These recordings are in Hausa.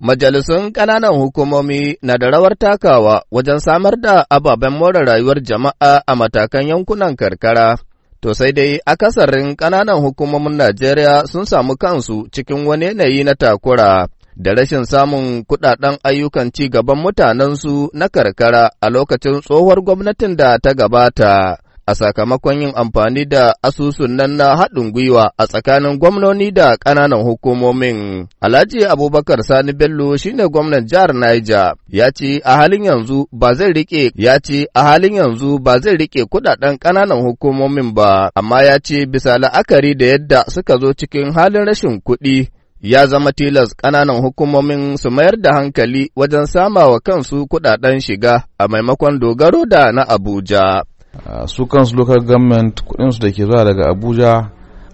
Majalisun ƙananan hukumomi na da rawar takawa wajen samar da ababen more rayuwar jama'a a matakan yankunan karkara, to sai dai akasarin ƙananan hukumomin Najeriya sun samu kansu cikin wani yanayi na takura da rashin samun kuɗaɗen ayyukan ci gaban mutanensu na karkara a lokacin tsohuwar gwamnatin da ta gabata. a sakamakon yin amfani da asusun nan na haɗin gwiwa a tsakanin gwamnoni da ƙananan hukumomin. Alhaji Abubakar Sani Bello shine gwamnan jihar Niger ya ce a halin yanzu ba zai rike ya ce a halin yanzu ba zai rike kuɗaɗen ƙananan hukumomin ba amma ya ce bisa la'akari da yadda suka zo cikin halin rashin kuɗi ya zama tilas ƙananan hukumomin su mayar da hankali wajen samawa kansu kuɗaɗen shiga a maimakon dogaro da na Abuja. Ah, su kansu local government kudinsu da ke zuwa daga abuja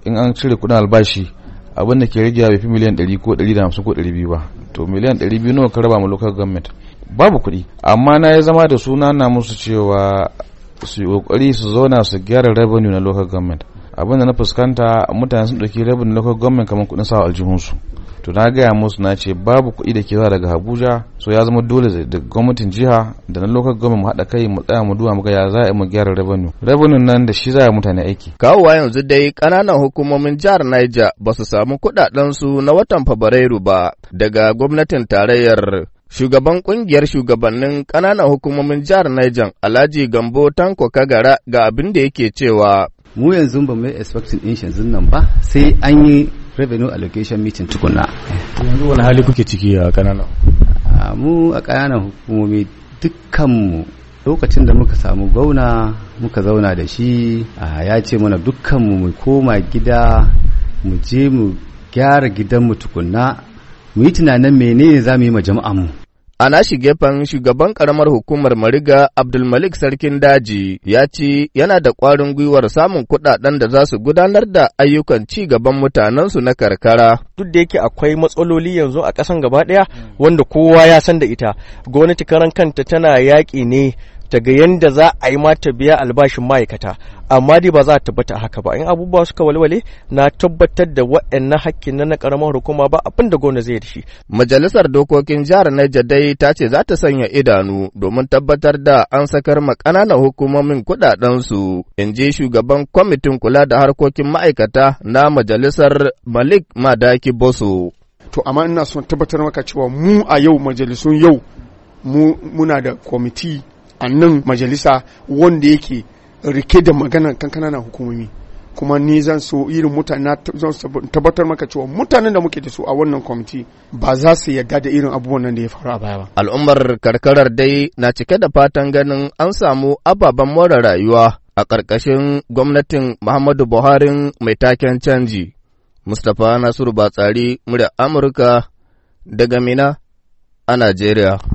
in an cire kudin albashi abin da ke rage bai fi miliyan 100 ko 150 ko 200 ba to miliyan 200 nawa ka raba mu local government babu kuɗi amma na ya zama da suna na musu cewa su yi kokari su zauna su gyara revenue na local government abin da na fuskanta mutane sun ɗauki revenue local government kamar kuɗin sawa aljihunsu to na gaya musu na ce babu kuɗi da ke daga abuja so ya zama dole da gwamnatin jiha da na lokacin gwamnati mu haɗa kai mu tsaya mu duba mu ga ya za a mu gyara revenue revenue nan da shi za a mutane aiki kawowa yanzu dai ƙananan hukumomin jihar Niger ba su samu kuɗaɗen su na watan Fabrairu ba daga gwamnatin tarayyar shugaban kungiyar shugabannin ƙananan hukumomin jihar Niger Alhaji Gambo Tanko Kagara ga abin da yake cewa mu yanzu ba mai expecting din shi nan ba sai an yi revenue allocation meeting tukuna yanzu wani hali kuke ciki a kananan mu a kananan hukumomi dukkanmu lokacin da muka samu gauna muka zauna da shi ya ce mana dukkanmu mu koma gida mu je mu gyara gidanmu tukunna mu yi tunanin menene za mu yi ma jama'anmu A nashi gefen shugaban karamar hukumar Mariga Abdulmalik Sarkin Daji ya ce yana da ƙwarin gwiwar samun kuɗaɗen da za su gudanar da ayyukan ci gaban mutanensu na karkara. Duk da yake akwai matsaloli yanzu a ƙasan gaba ɗaya wanda kowa ya san da ita. Gwamnati karan kanta tana yaƙi ne Daga yadda za a yi mata biya albashin ma'aikata amma dai ba za a tabbata haka ba in abubuwa suka walwale na tabbatar da waɗannan hakkin na karamar hukuma ba abin da gona zai dashi shi. Majalisar dokokin jihar Niger dai ta ce za ta sanya idanu domin tabbatar da an sakar ma ƙananan hukumomin su in ji shugaban kwamitin kula da harkokin ma'aikata na majalisar Malik Madaki Boso. To amma ina son tabbatar maka cewa mu a yau majalisun yau mu muna da kwamiti a majalisa wanda yake rike da maganar kankananan hukumomi kuma ni zan so irin mutane zan tabbatar maka cewa mutanen da muke da su a wannan kwamiti ba za su yarda da irin abubuwan nan da ya faru a baya ba. Al'ummar karkarar dai na cike da fatan ganin an samu ababen more rayuwa a ƙarƙashin gwamnatin Muhammadu Buhari mai taken canji. Mustapha Nasiru Batsari, murya Amurka daga Mina a Najeriya.